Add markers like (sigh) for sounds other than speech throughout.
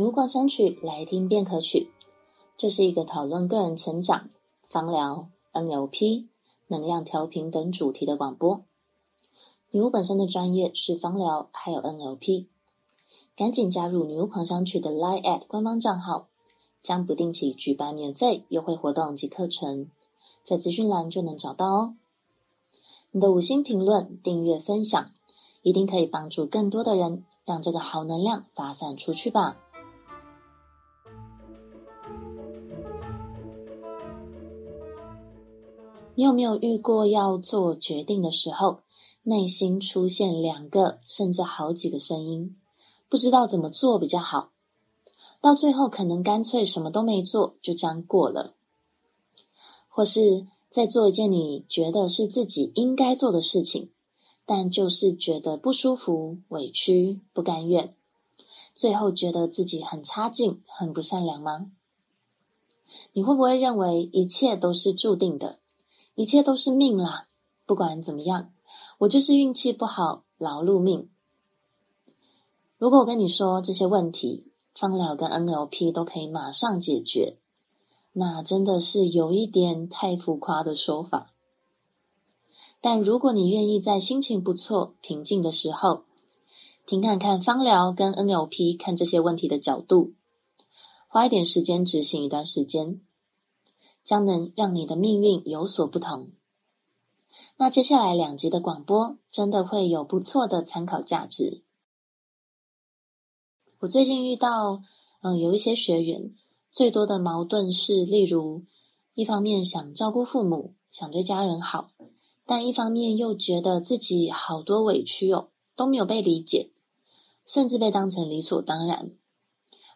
女巫狂想曲來聽便可取，這是一個討論個人成長、芳療、NLP、能量調頻等主題的廣播。女巫本身的專業是芳療，還有 NLP。趕緊加入女巫狂想曲的 Line@ 官方賬號，將不定期舉辦免費優惠活動及課程，在資訊欄就能找到哦。你的五星評論、訂閱、分享，一定可以幫助更多的人，讓這個好能量發散出去吧。你有沒有遇過要做決定的時候，內心出現兩個甚至好幾個聲音，不知道怎麼做比較好，到最後可能乾脆什麼都沒做，就這樣過了。或是在做一件你覺得是自己應該做的事情，但就是覺得不舒服、委屈、不甘願，最後覺得自己很差勁、很不善良嗎？你會不會認為一切都是注定的？一切都是命啦，不管怎麼樣，我就是運氣不好，勞碌命。如果我跟你說這些問題，芳療跟 NLP 都可以馬上解決，那真的是有一點太浮誇的說法。但如果你願意在心情不錯、平靜的時候，聽看看芳療跟 NLP 看這些問題的角度，花一點時間執行一段時間。將能讓你的命運有所不同。那接下來兩集的廣播真的會有不錯的參考價值。我最近遇到，嗯、呃，有一些學員最多的矛盾是，例如，一方面想照顧父母，想對家人好，但一方面又覺得自己好多委屈哦，都沒有被理解，甚至被當成理所當然，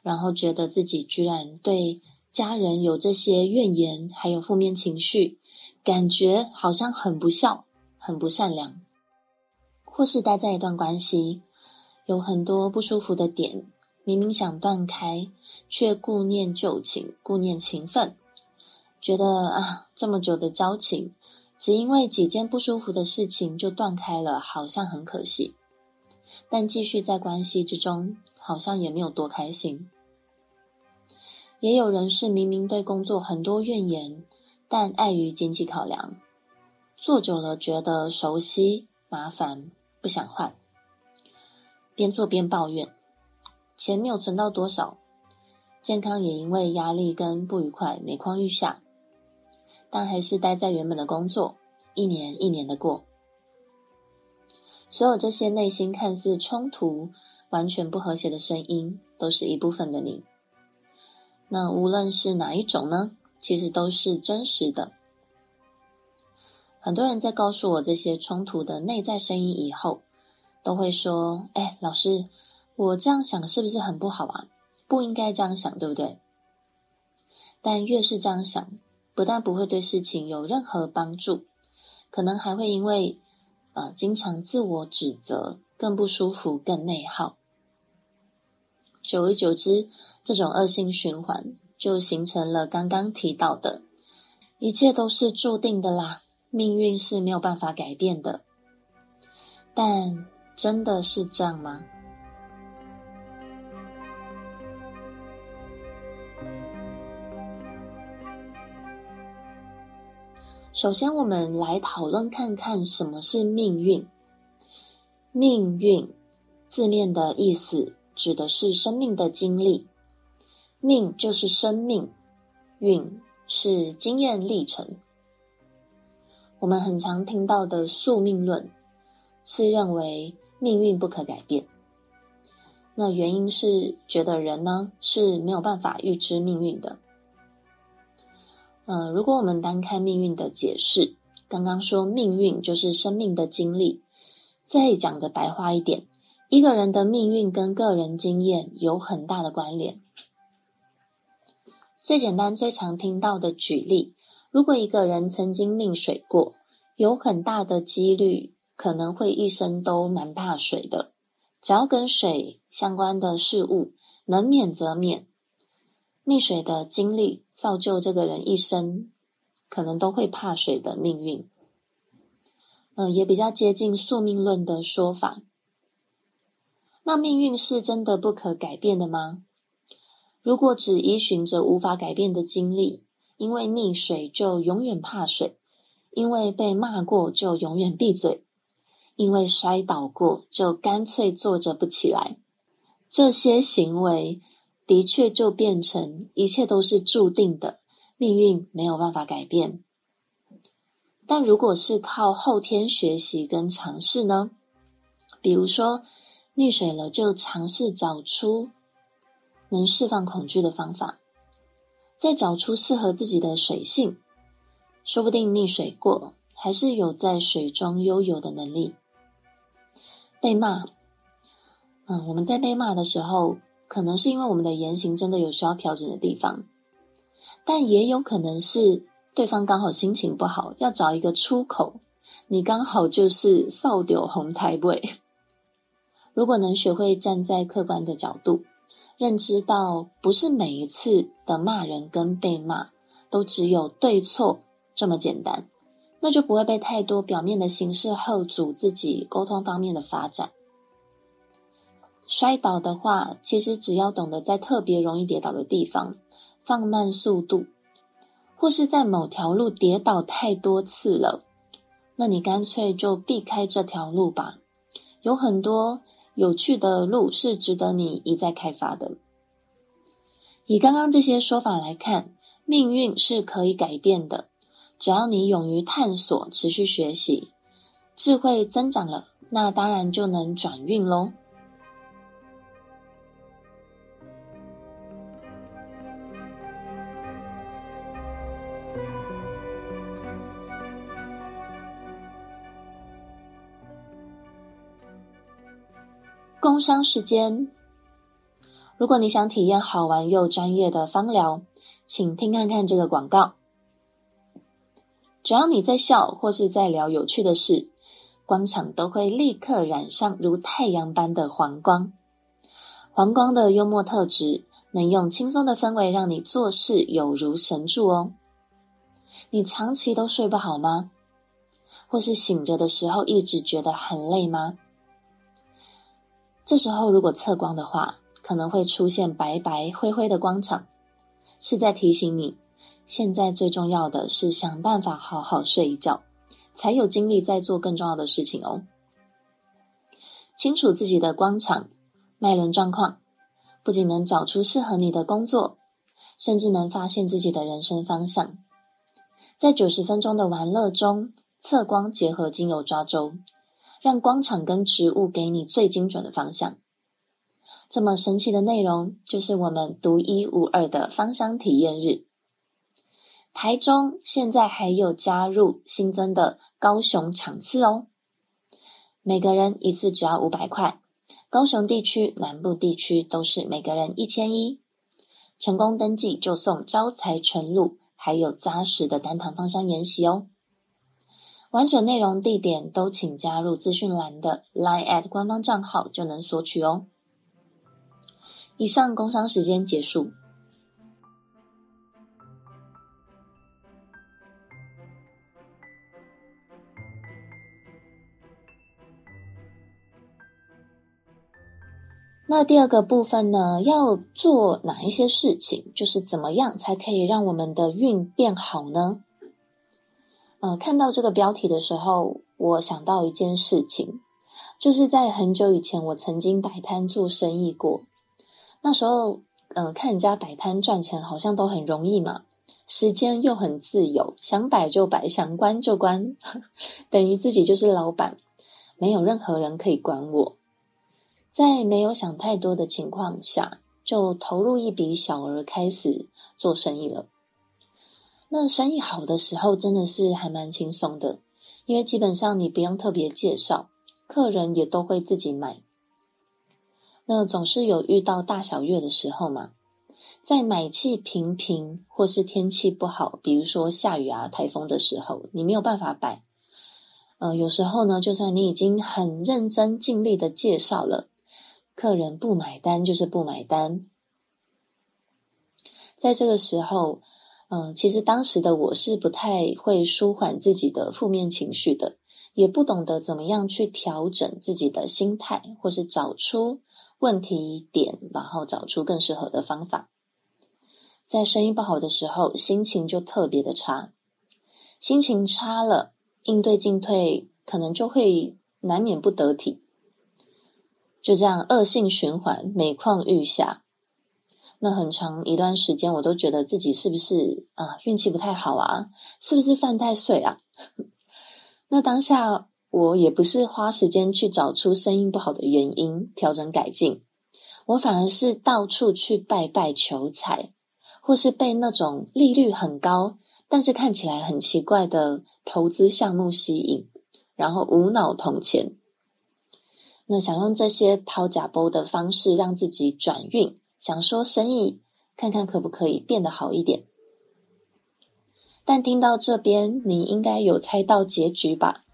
然後覺得自己居然對家人有這些怨言，還有負面情緒，感覺好像很不孝、很不善良；或是待在一段關係，有很多不舒服的點，明明想斷開，卻顧念舊情、顧念情分，覺得啊，這麼久的交情，只因為幾件不舒服的事情就斷開了，好像很可惜。但繼續在關係之中，好像也沒有多開心。也有人是明明對工作很多怨言，但礙於經濟考量，做久了覺得熟悉麻煩，不想換。邊做邊抱怨，錢沒有存到多少，健康也因為壓力跟不愉快每況愈下，但還是待在原本的工作，一年一年的過。所有這些內心看似衝突、完全不和諧的聲音，都是一部分的你。那無論是哪一種呢，其實都是真實的。很多人在告訴我這些衝突的內在聲音以後，都會說：“哎，老師，我這樣想是不是很不好啊？不應該這樣想，對不對？”但越是這樣想，不但不會對事情有任何幫助，可能還會因為啊、呃，經常自我指責，更不舒服，更內耗。久而久之，這種惡性循環就形成了，剛剛提到的一切都是注定的啦，命運是沒有辦法改變的。但真的是這樣嗎？首先，我們來討論看看什麼是命運。命運字面的意思指的是生命的經歷。命就是生命，運是經驗歷程。我們很常聽到的宿命論，是認為命運不可改變。那原因是覺得人呢是沒有辦法預知命運的。嗯、呃，如果我們單看命運的解釋，剛剛說命運就是生命的經歷。再講的白話一點，一個人的命運跟個人經驗有很大的關聯。最簡單、最常聽到的舉例，如果一個人曾經溺水過，有很大的幾率可能會一生都蠻怕水的。只要跟水相關的事物，能免則免。溺水的經歷造就這個人一生可能都會怕水的命運。嗯、呃，也比較接近宿命論的說法。那命運是真的不可改變的嗎？如果只依循着無法改變的經歷，因為溺水就永遠怕水，因為被罵過就永遠閉嘴，因為摔倒過就乾脆坐着不起來，這些行為的確就變成一切都是注定的，命運沒有辦法改變。但如果是靠後天學習跟嘗試呢？比如說溺水了就嘗試找出能釋放恐懼的方法，再找出適合自己的水性，說不定溺水過，還是有在水中悠游的能力。被罵，嗯，我們在被罵的時候，可能是因為我們的言行真的有需要調整的地方，但也有可能是對方剛好心情不好，要找一個出口，你剛好就是掃到風颱尾。如果能學會站在客觀的角度。認知到，不是每一次的罵人跟被罵都只有對錯這麼簡單，那就不會被太多表面的形式後阻自己溝通方面的發展。摔倒的話，其實只要懂得在特別容易跌倒的地方放慢速度，或是在某條路跌倒太多次了，那你乾脆就避開這條路吧。有很多。有趣的路是值得你一再開發的。以剛剛這些說法來看，命運是可以改變的，只要你勇於探索、持續學習，智慧增長了，那當然就能轉運嘍。工商時間，如果你想體驗好玩又專業的芳療，請聽看看這個廣告。只要你在笑或是在聊有趣的事，光場都會立刻染上如太陽般的黃光。黃光的幽默特質，能用輕鬆的氛圍讓你做事有如神助哦。你長期都睡不好嗎？或是醒着的時候一直覺得很累嗎？這時候，如果測光的話，可能會出現白白灰灰的光場，是在提醒你，現在最重要的是想辦法好好睡一覺，才有精力再做更重要的事情哦。清楚自己的光場、脈輪狀況，不僅能找出適合你的工作，甚至能發現自己的人生方向。在九十分鐘的玩樂中，測光結合精油抓周。讓光場跟植物給你最精準的方向。這麼神奇的內容，就是我們獨一無二的芳香體驗日。台中現在還有加入新增的高雄場次哦，每個人一次只要五百塊，高雄地區、南部地區都是每個人一千一。成功登記就送招財純露，還有扎實的單堂芳香研習哦。完整內容、地點都請加入資訊欄的 Line@ 官方賬號就能索取哦。以上工商時間結束。那第二個部分呢？要做哪一些事情？就是怎麼樣才可以讓我們的運變好呢？呃，看到這個標題的時候，我想到一件事情，就是在很久以前，我曾經擺攤做生意過。那時候，嗯、呃，看人家擺攤賺錢，好像都很容易嘛，時間又很自由，想擺就擺，想關就關呵呵，等於自己就是老闆，沒有任何人可以管我。在沒有想太多的情況下，就投入一筆小額開始做生意了。那生意好的時候，真的是還蠻輕鬆的，因為基本上你不用特別介紹，客人也都會自己買。那總是有遇到大小月的時候嘛，在買氣平平或是天氣不好，比如說下雨啊、颱風的時候，你沒有辦法擺。呃，有時候呢，就算你已經很認真盡力的介紹了，客人不買單就是不買單。在這個時候。嗯，其實當時的我是不太會舒緩自己的負面情緒的，也不懂得怎麼樣去調整自己的心態，或是找出問題點，然後找出更適合的方法。在生意不好的時候，心情就特別的差，心情差了，應對進退可能就會難免不得體。就這樣惡性循環，每況愈下。那很長一段時間，我都覺得自己是不是啊運氣不太好啊？是不是犯太歲啊？ (laughs) 那當下我也不是花時間去找出生意不好的原因，調整改進，我反而是到處去拜拜求財，或是被那種利率很高但是看起來很奇怪的投資項目吸引，然後無腦投錢。那想用這些掏假包的方式讓自己轉運。想說生意，看看可不可以變得好一點。但聽到這邊，你應該有猜到結局吧？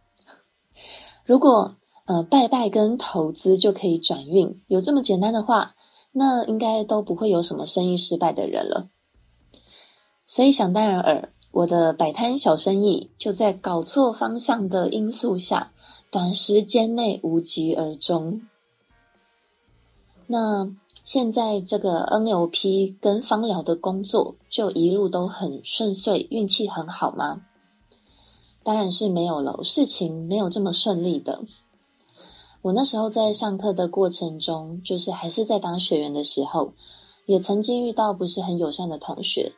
如果呃拜拜跟投資就可以轉運，有這麼簡單的話，那應該都不會有什麼生意失敗的人了。所以想當然耳，我的擺攤小生意就在搞錯方向的因素下，短時間內無疾而終。那現在這個 NLP 跟芳療的工作就一路都很順遂，運氣很好嗎？當然是沒有了，事情沒有這麼順利的。我那時候在上課的過程中，就是還是在當學員的時候，也曾經遇到不是很友善的同學，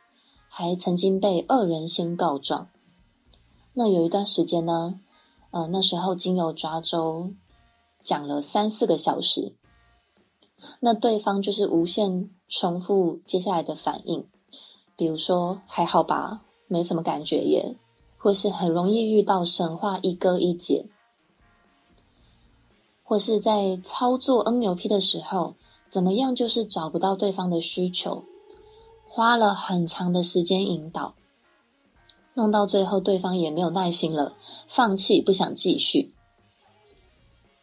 還曾經被惡人先告狀。那有一段時間呢，呃，那時候精油抓周講了三四個小時。那對方就是無限重複接下來的反應，比如說還好吧，沒什麼感覺耶，或是很容易遇到神話一哥一姐，或是在操作 NLP 的時候，怎麼樣就是找不到對方的需求，花了很長的時間引導，弄到最後對方也沒有耐心了，放棄不想繼續。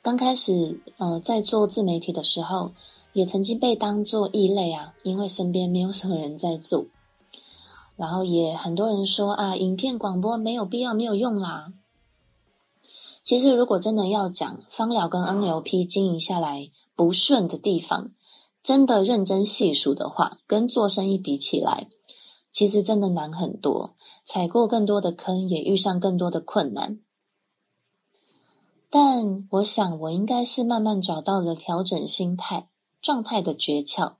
剛開始，呃，在做自媒體的時候，也曾經被當作異類啊，因為身邊沒有什麼人在做，然後也很多人說啊，影片廣播沒有必要，沒有用啦。其實，如果真的要講芳療跟 NLP 經營下來不順的地方，真的認真細數的話，跟做生意比起來，其實真的難很多，踩過更多的坑，也遇上更多的困難。但我想，我應該是慢慢找到了調整心態、狀態的訣竅，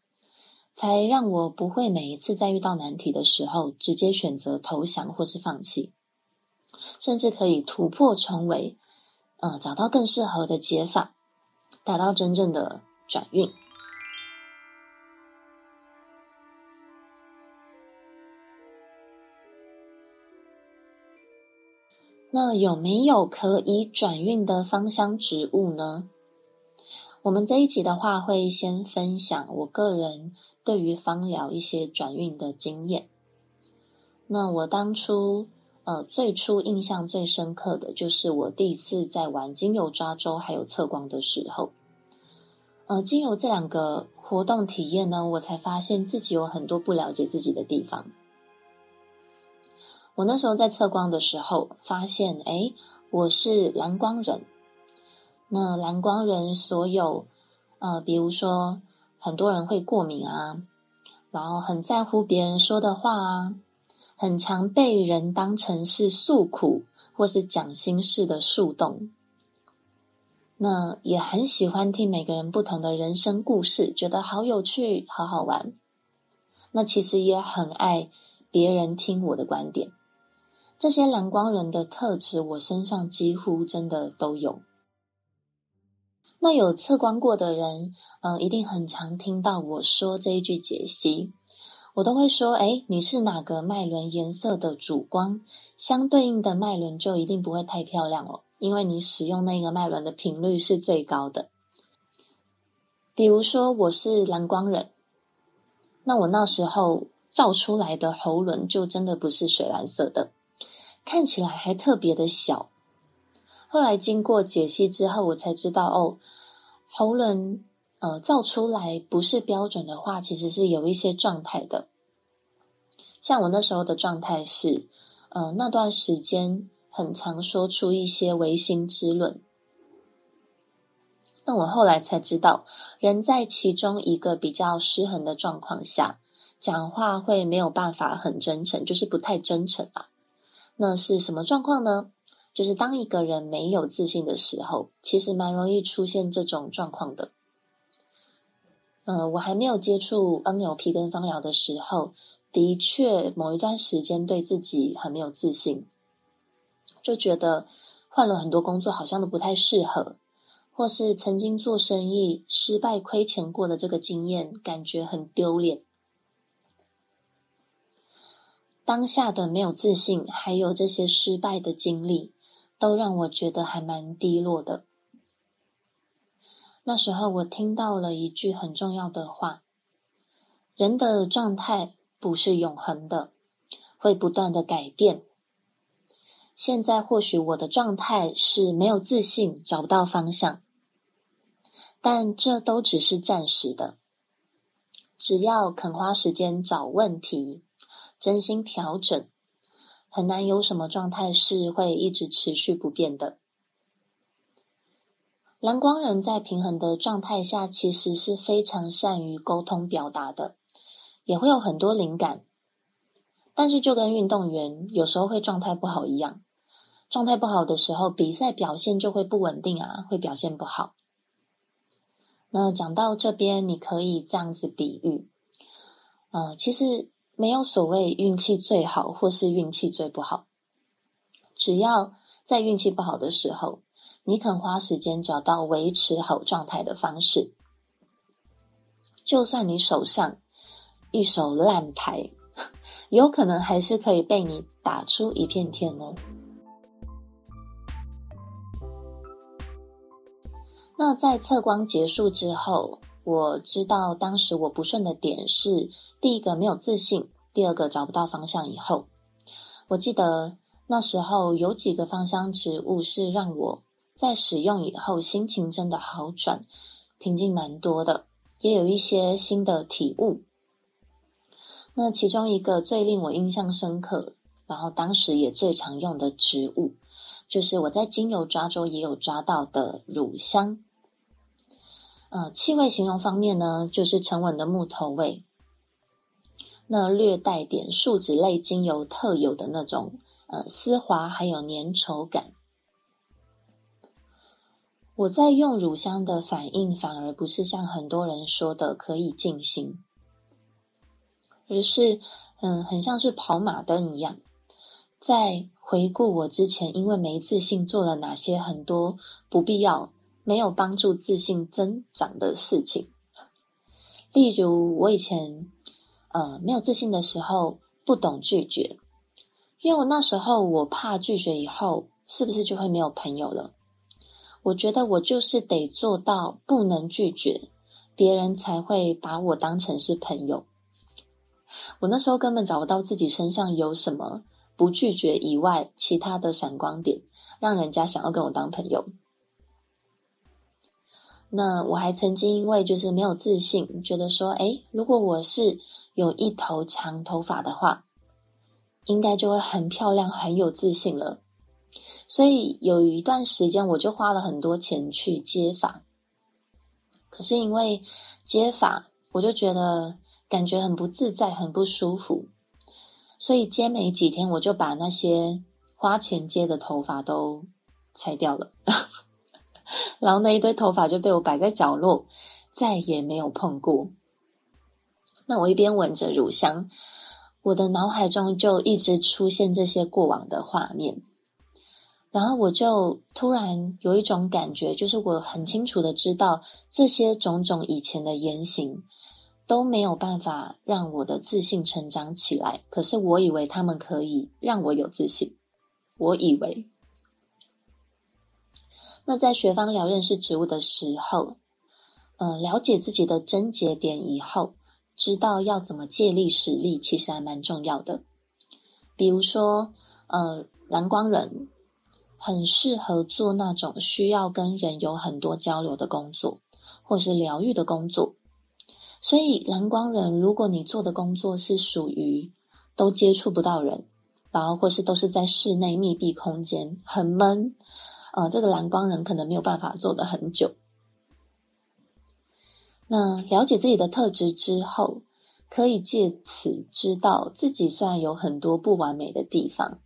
才讓我不會每一次在遇到難題的時候，直接選擇投降或是放棄，甚至可以突破重圍，嗯、呃，找到更適合的解法，達到真正的轉運。那有沒有可以轉運的芳香植物呢？我們這一集的話，會先分享我個人對於芳療一些轉運的經驗。那我當初呃最初印象最深刻的就是我第一次在玩精油抓周還有測光的時候，呃，精油這兩個活動體驗呢，我才發現自己有很多不了解自己的地方。我那時候在測光的時候，發現，誒，我是藍光人。那藍光人所有呃，比如說很多人會過敏啊，然後很在乎別人說的話啊，很常被人當成是訴苦或是講心事的樹洞。那也很喜歡聽每個人不同的人生故事，覺得好有趣，好好玩。那其實也很愛別人聽我的觀點。這些藍光人的特質，我身上幾乎真的都有。那有測光過的人，嗯、呃，一定很常聽到我說這一句解析，我都會說：哎，你是哪個脈輪顏色的主光，相對應的脈輪，就一定不會太漂亮了，哦，因為你使用那個脈輪的頻率是最高的。比如說我是藍光人，那我那時候照出來的喉輪就真的不是水藍色的。看起來還特別的小，後來經過解析之後，我才知道哦，喉輪呃造出來不是標準的話，其實是有一些狀態的。像我那時候的狀態是，呃，那段時間很常說出一些違心之論。那我後來才知道，人在其中一個比較失衡的狀況下，講話會沒有辦法很真誠，就是不太真誠啊。那是什麼狀況呢？就是當一個人沒有自信的時候，其實蠻容易出現這種狀況的。嗯、呃，我還沒有接觸 NLP 跟芳療的時候，的確某一段時間對自己很沒有自信，就覺得換了很多工作好像都不太適合，或是曾經做生意失敗虧錢過的這個經驗，感覺很丟臉。當下的沒有自信，還有這些失敗的經歷，都讓我覺得還蠻低落的。那時候，我聽到了一句很重要的話：“人的狀態不是永恆的，會不斷地改變。”現在或許我的狀態是沒有自信，找不到方向，但這都只是暫時的。只要肯花時間找問題。真心調整，很難有什麼狀態是會一直持續不變的。藍光人在平衡的狀態下，其實是非常善於溝通表達的，也會有很多靈感。但是就跟運動員有時候會狀態不好一樣，狀態不好的時候，比賽表現就會不穩定啊，會表現不好。那講到這邊，你可以這樣子比喻，呃，其實。沒有所謂運氣最好或是運氣最不好，只要在運氣不好的時候，你肯花時間找到維持好狀態的方式，就算你手上一手爛牌，有可能還是可以被你打出一片天哦。那在測光結束之後。我知道當時我不順的點是，第一個沒有自信，第二個找不到方向。以後，我記得那時候有幾個芳香植物是讓我在使用以後心情真的好轉，平靜蠻多的，也有一些新的體悟。那其中一個最令我印象深刻，然後當時也最常用的植物，就是我在精油抓周也有抓到的乳香。呃，氣味形容方面呢，就是沉穩的木頭味，那略帶點樹脂類精油特有的那種呃絲滑還有粘稠感。我在用乳香的反應反而不是像很多人說的可以靜心，而是嗯、呃、很像是跑馬燈一樣，在回顧我之前因為沒自信做了哪些很多不必要。沒有幫助自信增長的事情，例如我以前呃沒有自信的時候，不懂拒絕，因為我那時候我怕拒絕以後是不是就會沒有朋友了？我覺得我就是得做到不能拒絕，別人才會把我當成是朋友。我那時候根本找不到自己身上有什麼不拒絕以外其他的閃光點，讓人家想要跟我當朋友。那我還曾經因為就是沒有自信，覺得說，誒，如果我是有一頭長頭髮的話，應該就會很漂亮，很有自信了。所以有一段時間，我就花了很多錢去接髮。可是因為接髮，我就覺得感覺很不自在，很不舒服。所以接沒幾天，我就把那些花錢接的頭髮都拆掉了。然後那一堆頭髮就被我擺在角落，再也沒有碰過。那我一邊聞着乳香，我的腦海中就一直出現這些過往的畫面。然後我就突然有一種感覺，就是我很清楚的知道，這些種種以前的言行都沒有辦法讓我的自信成長起來。可是我以為他們可以讓我有自信，我以為。那在學芳療認識植物的時候，嗯、呃，了解自己的症結點以後，知道要怎麼借力使力，其實還蠻重要的。比如說，呃，藍光人很適合做那種需要跟人有很多交流的工作，或是療癒的工作。所以，藍光人，如果你做的工作是屬於都接觸不到人，然後或是都是在室內密閉空間，很悶。呃，這個藍光人可能沒有辦法做得很久。那了解自己的特質之後，可以借此知道自己雖然有很多不完美的地方，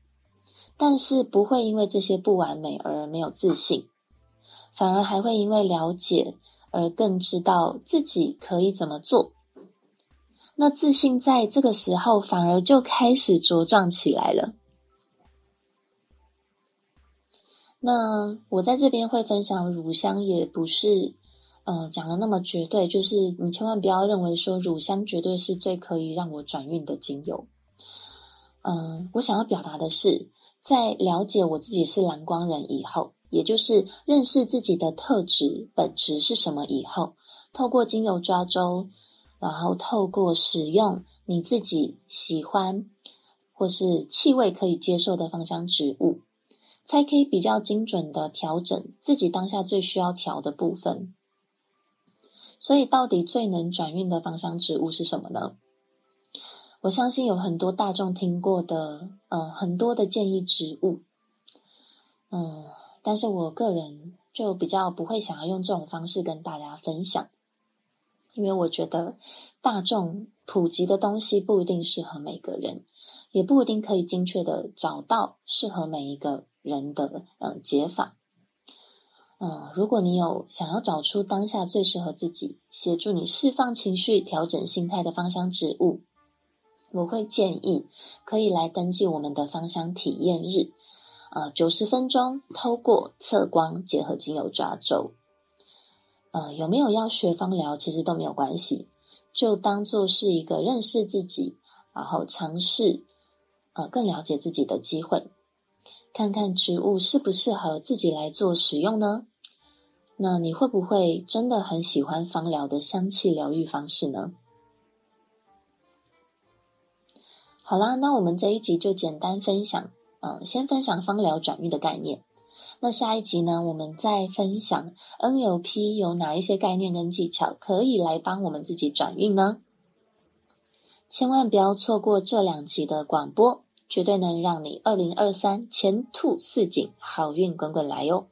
但是不會因為這些不完美而沒有自信，反而還會因為了解而更知道自己可以怎麼做。那自信在這個時候反而就開始茁壯起來了。那我在這邊會分享乳香，也不是，嗯，講的那麼絕對。就是你千萬不要認為說乳香絕對是最可以讓我轉運的精油。嗯，我想要表達的是，在了解我自己是藍光人以後，也就是認識自己的特質本質是什麼以後，透過精油抓周，然後透過使用你自己喜歡或是氣味可以接受的芳香植物。才可以比較精準的調整自己當下最需要調的部分。所以，到底最能轉運的芳香植物是什麼呢？我相信有很多大眾聽過的，嗯、呃，很多的建議植物，嗯、呃，但是我個人就比較不會想要用這種方式跟大家分享，因為我覺得大眾普及的東西不一定適合每個人，也不一定可以精確的找到適合每一個。人的嗯、呃、解法，嗯、呃，如果你有想要找出當下最適合自己協助你釋放情緒、調整心態的芳香植物，我會建議可以來登記我們的芳香體驗日，啊、呃，九十分鐘透過測光結合精油抓周。呃，有沒有要學芳療，其實都沒有關係，就當做是一個認識自己，然後嘗試，呃，更了解自己的機會。看看植物適不適合自己來做使用呢？那你會不會真的很喜歡芳療的香氣療癒方式呢？好啦，那我們這一集就簡單分享，嗯、呃，先分享芳療轉運的概念。那下一集呢，我們再分享 NLP 有哪一些概念跟技巧可以來幫我們自己轉運呢？千萬不要錯過這兩集的廣播。絕對能讓你二零二三前兔似錦，好運滾滾來喲！